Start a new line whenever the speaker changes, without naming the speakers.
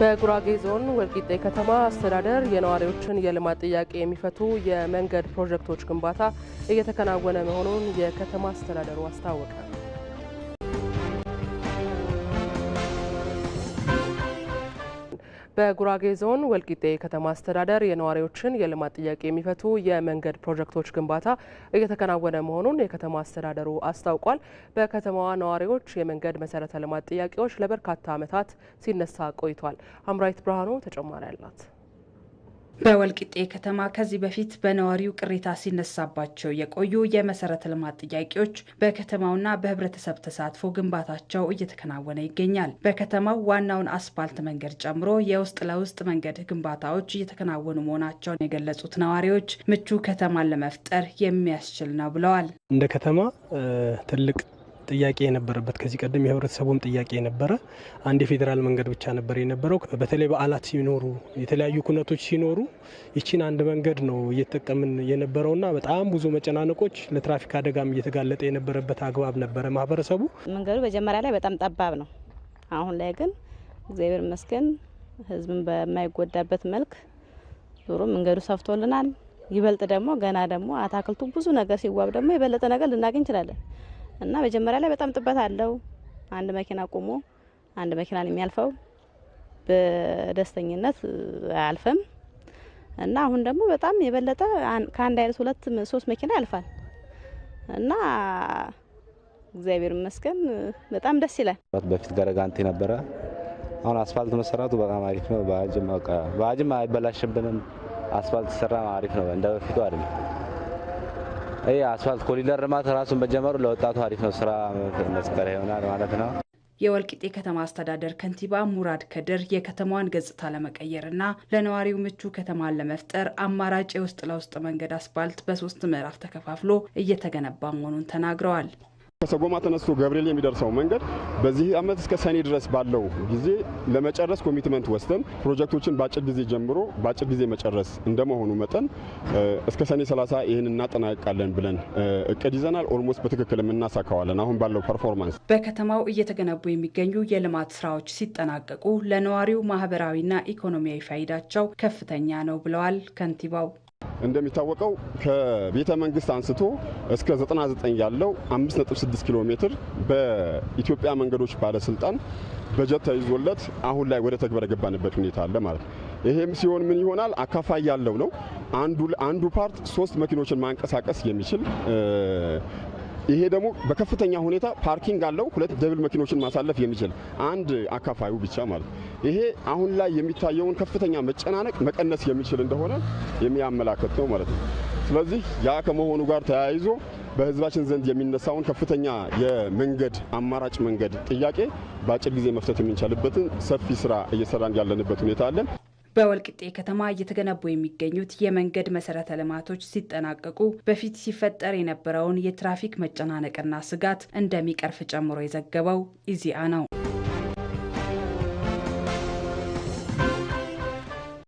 በጉራጌ ዞን ወልቂጤ ከተማ አስተዳደር የነዋሪዎችን የልማት ጥያቄ የሚፈቱ የመንገድ ፕሮጀክቶች ግንባታ እየተከናወነ መሆኑን የከተማ አስተዳደሩ አስታወቀ። በጉራጌ ዞን ወልቂጤ ከተማ አስተዳደር የነዋሪዎችን የልማት ጥያቄ የሚፈቱ የመንገድ ፕሮጀክቶች ግንባታ እየተከናወነ መሆኑን የከተማ አስተዳደሩ አስታውቋል። በከተማዋ ነዋሪዎች የመንገድ መሰረተ ልማት ጥያቄዎች ለበርካታ ዓመታት ሲነሳ ቆይቷል። አምራይት ብርሃኑ ተጨማሪ አላት።
በወልቂጤ ከተማ ከዚህ በፊት በነዋሪው ቅሬታ ሲነሳባቸው የቆዩ የመሰረተ ልማት ጥያቄዎች በከተማውና በህብረተሰብ ተሳትፎ ግንባታቸው እየተከናወነ ይገኛል። በከተማው ዋናውን አስፋልት መንገድ ጨምሮ የውስጥ ለውስጥ መንገድ ግንባታዎች እየተከናወኑ መሆናቸውን የገለጹት ነዋሪዎች ምቹ ከተማን ለመፍጠር የሚያስችል ነው ብለዋል።
እንደ ከተማ ትልቅ ጥያቄ የነበረበት ከዚህ ቀደም የህብረተሰቡም ጥያቄ የነበረ አንድ የፌዴራል መንገድ ብቻ ነበር የነበረው። በተለይ በዓላት ሲኖሩ የተለያዩ ኩነቶች ሲኖሩ ይችን አንድ መንገድ ነው እየተጠቀምን የነበረውና በጣም ብዙ መጨናነቆች ለትራፊክ አደጋም እየተጋለጠ የነበረበት አግባብ ነበረ። ማህበረሰቡ
መንገዱ መጀመሪያ ላይ በጣም ጠባብ ነው። አሁን ላይ ግን እግዚአብሔር ይመስገን ህዝብን በማይጎዳበት መልክ ዞሮ መንገዱ ሰፍቶልናል። ይበልጥ ደግሞ ገና ደግሞ አታክልቱ ብዙ ነገር ሲዋብ ደግሞ የበለጠ ነገር ልናገኝ እንችላለን። እና መጀመሪያ ላይ በጣም ጥበት አለው። አንድ መኪና ቆሞ አንድ መኪና ነው የሚያልፈው። በደስተኝነት አያልፍም እና አሁን ደግሞ በጣም የበለጠ ከአንድ አይነት ሁለት ሶስት መኪና ያልፋል እና እግዚአብሔር ይመስገን በጣም ደስ ይላል።
በፊት ገረጋንቲ ነበረ። አሁን አስፋልት መሰራቱ በጣም አሪፍ ነው። በአጅም አይበላሽብንም። አስፋልት ሰራ አሪፍ ነው። እንደ በፊቱ አይደለም። ይህ አስፋልት ኮሪደር ልማት ራሱን መጀመሩ ለወጣቱ አሪፍ ነው፣ ስራ መስቀሪያ ይሆናል ማለት ነው።
የወልቂጤ ከተማ አስተዳደር ከንቲባ ሙራድ ከድር የከተማዋን ገጽታ ለመቀየርና ለነዋሪው ምቹ ከተማን ለመፍጠር አማራጭ የውስጥ ለውስጥ መንገድ አስፋልት በሶስት ምዕራፍ ተከፋፍሎ እየተገነባ መሆኑን ተናግረዋል።
ከሰጎማ ተነስቶ ገብርኤል የሚደርሰው መንገድ በዚህ አመት እስከ ሰኔ ድረስ ባለው ጊዜ ለመጨረስ ኮሚትመንት ወስደን ፕሮጀክቶችን በአጭር ጊዜ ጀምሮ በአጭር ጊዜ መጨረስ እንደመሆኑ መጠን እስከ ሰኔ 30 ይህን እናጠናቀቃለን ብለን እቅድ ይዘናል። ኦልሞስት በትክክል የምናሳካዋለን። አሁን ባለው ፐርፎርማንስ።
በከተማው እየተገነቡ የሚገኙ የልማት ስራዎች ሲጠናቀቁ ለነዋሪው ማህበራዊና ኢኮኖሚያዊ ፋይዳቸው ከፍተኛ ነው ብለዋል ከንቲባው።
እንደሚታወቀው ከቤተ መንግስት አንስቶ እስከ 99 ያለው 56 ኪሎ ሜትር በኢትዮጵያ መንገዶች ባለስልጣን በጀት ተይዞለት አሁን ላይ ወደ ተግባር የገባንበት ሁኔታ አለ ማለት ነው። ይሄም ሲሆን ምን ይሆናል? አካፋይ ያለው ነው። አንዱ ፓርት ሶስት መኪኖችን ማንቀሳቀስ የሚችል ይሄ ደግሞ በከፍተኛ ሁኔታ ፓርኪንግ አለው። ሁለት ደብል መኪኖችን ማሳለፍ የሚችል አንድ አካፋዩ ብቻ ማለት ነው። ይሄ አሁን ላይ የሚታየውን ከፍተኛ መጨናነቅ መቀነስ የሚችል እንደሆነ የሚያመላክት ነው ማለት ነው። ስለዚህ ያ ከመሆኑ ጋር ተያይዞ በህዝባችን ዘንድ የሚነሳውን ከፍተኛ የመንገድ አማራጭ መንገድ ጥያቄ በአጭር ጊዜ መፍታት የምንቻልበትን ሰፊ ስራ እየሰራን ያለንበት ሁኔታ አለን።
በወልቅጤ ከተማ እየተገነቡ የሚገኙት የመንገድ መሰረተ ልማቶች ሲጠናቀቁ በፊት ሲፈጠር የነበረውን የትራፊክ መጨናነቅና ስጋት እንደሚቀርፍ ጨምሮ የዘገበው ኢዜአ ነው።